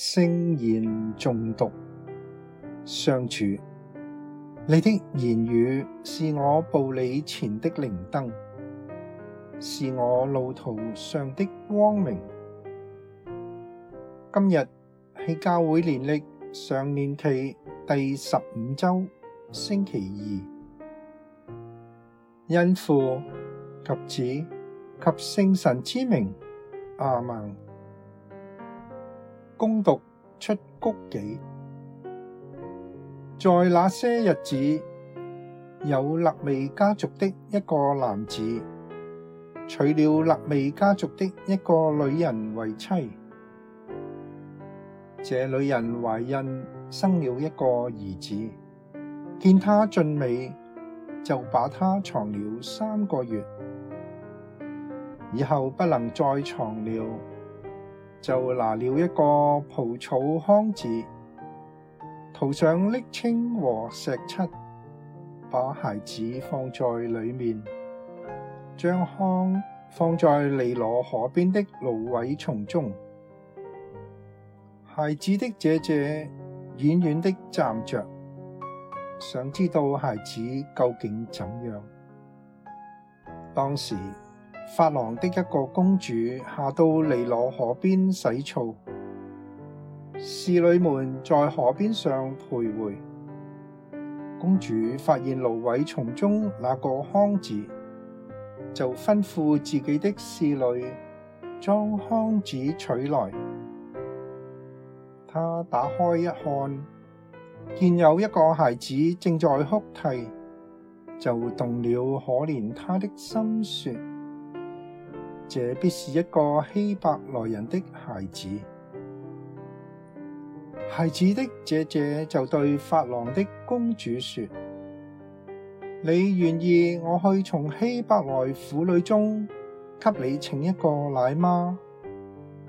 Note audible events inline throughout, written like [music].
聖言誦讀，上主，你的言語是我步履前的靈燈，是我路途上的光明。今日係教會年曆常年期第十五周星期二，因父及子及聖神之名，阿門。恭讀出谷記，在那些日子，有肋未家族的一個男子，娶了肋未家族的一個女人為妻。這女人懷孕，生了一個兒子。見他俊美，就把他藏了三個月，以後不能再藏了。就拿了一個蒲草筐子，塗上瀝青和石漆，把孩子放在裏面，將筐放在尼羅河邊的蘆葦叢中。孩子的姐姐遠遠的站着，想知道孩子究竟怎樣。當時，法郎的一個公主下到尼羅河邊洗澡，侍女們在河邊上徘徊。公主發現蘆葦叢中那個筐子，就吩咐自己的侍女將筐子取來。她打開一看，見有一個孩子正在哭啼，就動了可憐他的心說，説：這必是一個希伯來人的孩子。孩子的姐姐就對法郎的公主說：「你願意我去從希伯來婦女中給你請一個奶媽，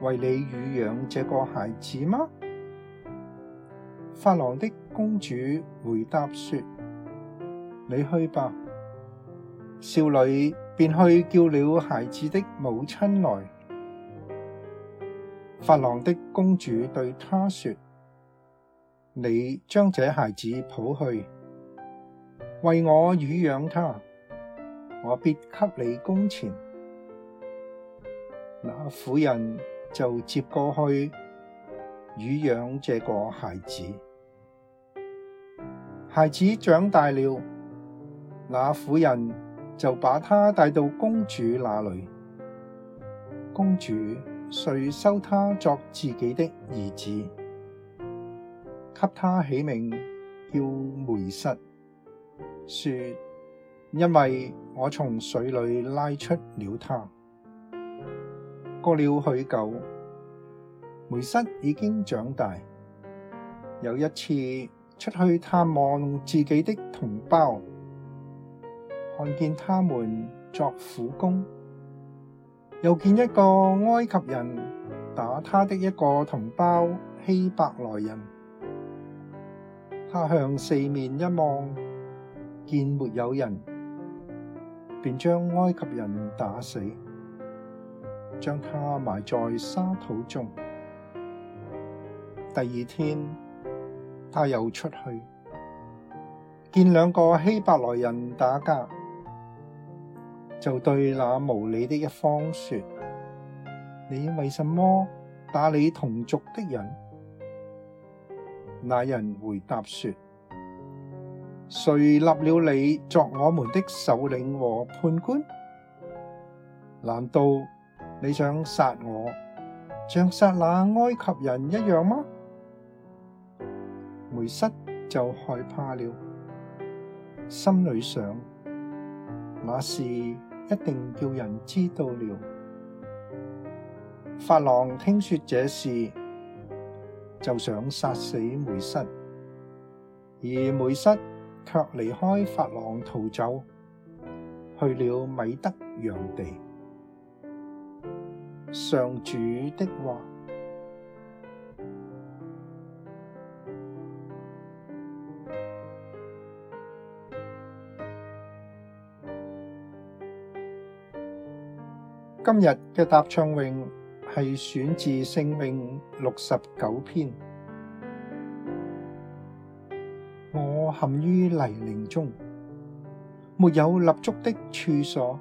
為你乳養這個孩子嗎？」法郎的公主回答說：「你去吧。」少女便去叫了孩子的母親來，法郎的公主對她說：你將這孩子抱去，為我乳養他，我必給你工錢。那婦人就接過去乳養這個孩子。孩子長大了，那婦人。就把他帶到公主那裏，公主遂收他作自己的兒子，給他起名叫梅瑟，說：因為我從水裏拉出了他。過了許久，梅瑟已經長大，有一次出去探望自己的同胞。看見他們作苦工，又見一個埃及人打他的一個同胞希伯來人。他向四面一望，見沒有人，便將埃及人打死，將他埋在沙土中。第二天，他又出去，見兩個希伯來人打架。就對那無理的一方說：你為什麼打你同族的人？那人回答說：誰立了你作我們的首領和判官？難道你想殺我，像殺那埃及人一樣嗎？梅瑟就害怕了，心裏想：那事，一定叫人知道了。法郎聽說這事，就想殺死梅瑟，而梅瑟卻離開法郎逃走，去了米德楊地。上主的話。今日嘅答唱詠係選自聖詠六十九篇。我陷於泥濘中，沒有立足的處所。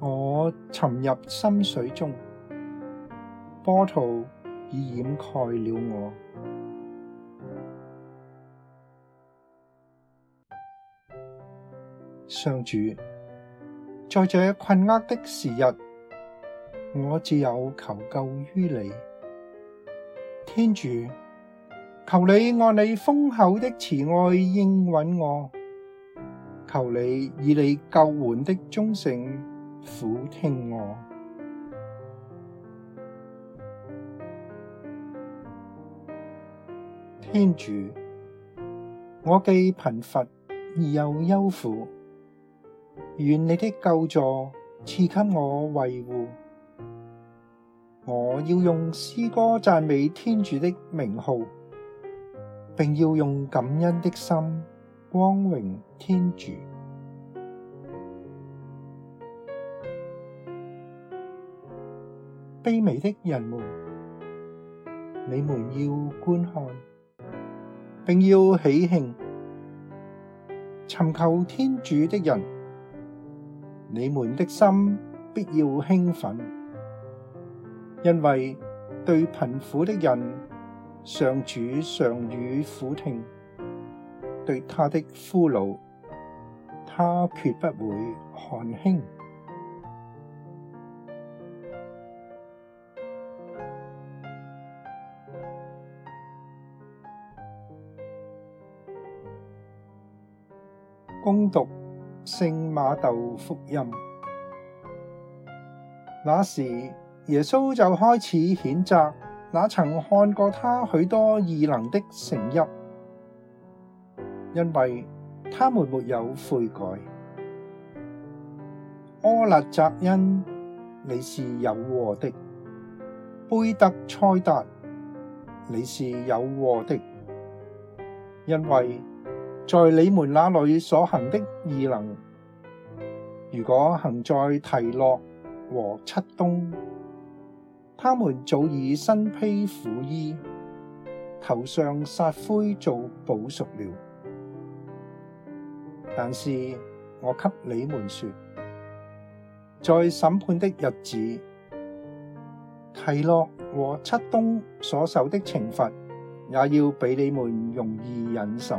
我沉入深水中，波濤已掩蓋了我。上主。在這困厄的時日，我只有求救於你，天主。求你按你豐厚的慈愛應允我，求你以你救援的忠誠俯聽我。天主，我既貧乏而又憂苦。願你的救助賜給我衛護，我要用詩歌讚美天主的名號，並要用感恩的心光榮天主。卑微的人們，你們要觀看，並要喜慶，尋求天主的人。你們的心必要興奮，因為對貧苦的人，上主常予俯聽；對他的俘虜，他決不會看輕。恭讀 [music] [music] 聖馬竇福音，那時耶穌就開始譴責那曾看過他許多異能的城邑，因為他們沒有悔改。苛辣匝因，你是有禍的；貝特賽達，你是有禍的，因為在你們那裏所行的異能，如果行在提洛和漆冬，他們早已身披苦衣，頭上撒灰做補贖了。但是我給你們説，在審判的日子，提洛和漆冬所受的懲罰，也要比你們容易忍受。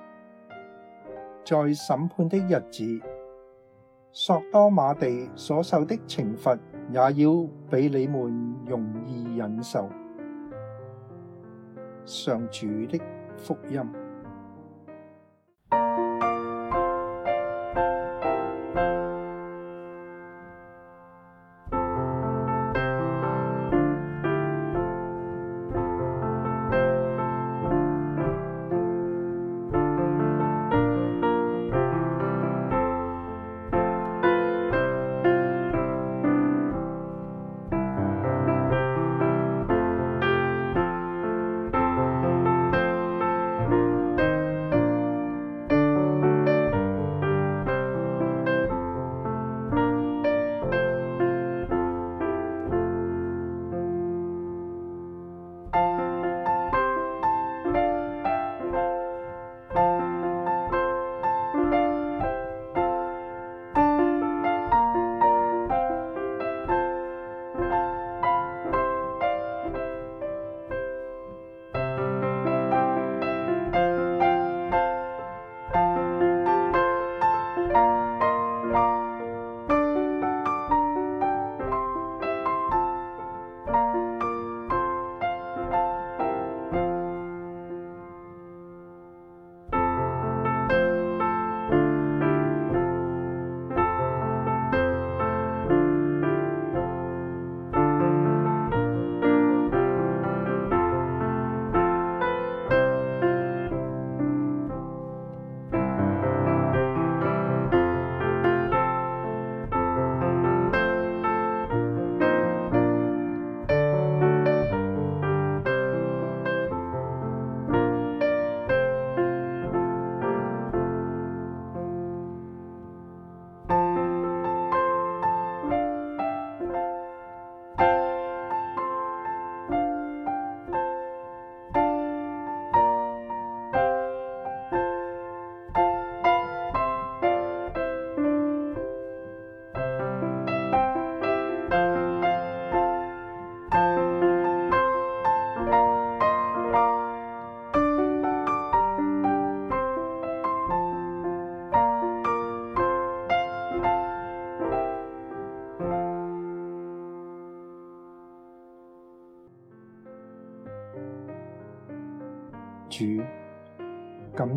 在審判的日子，索多瑪地所受的懲罰也要比你們容易忍受。上主的福音。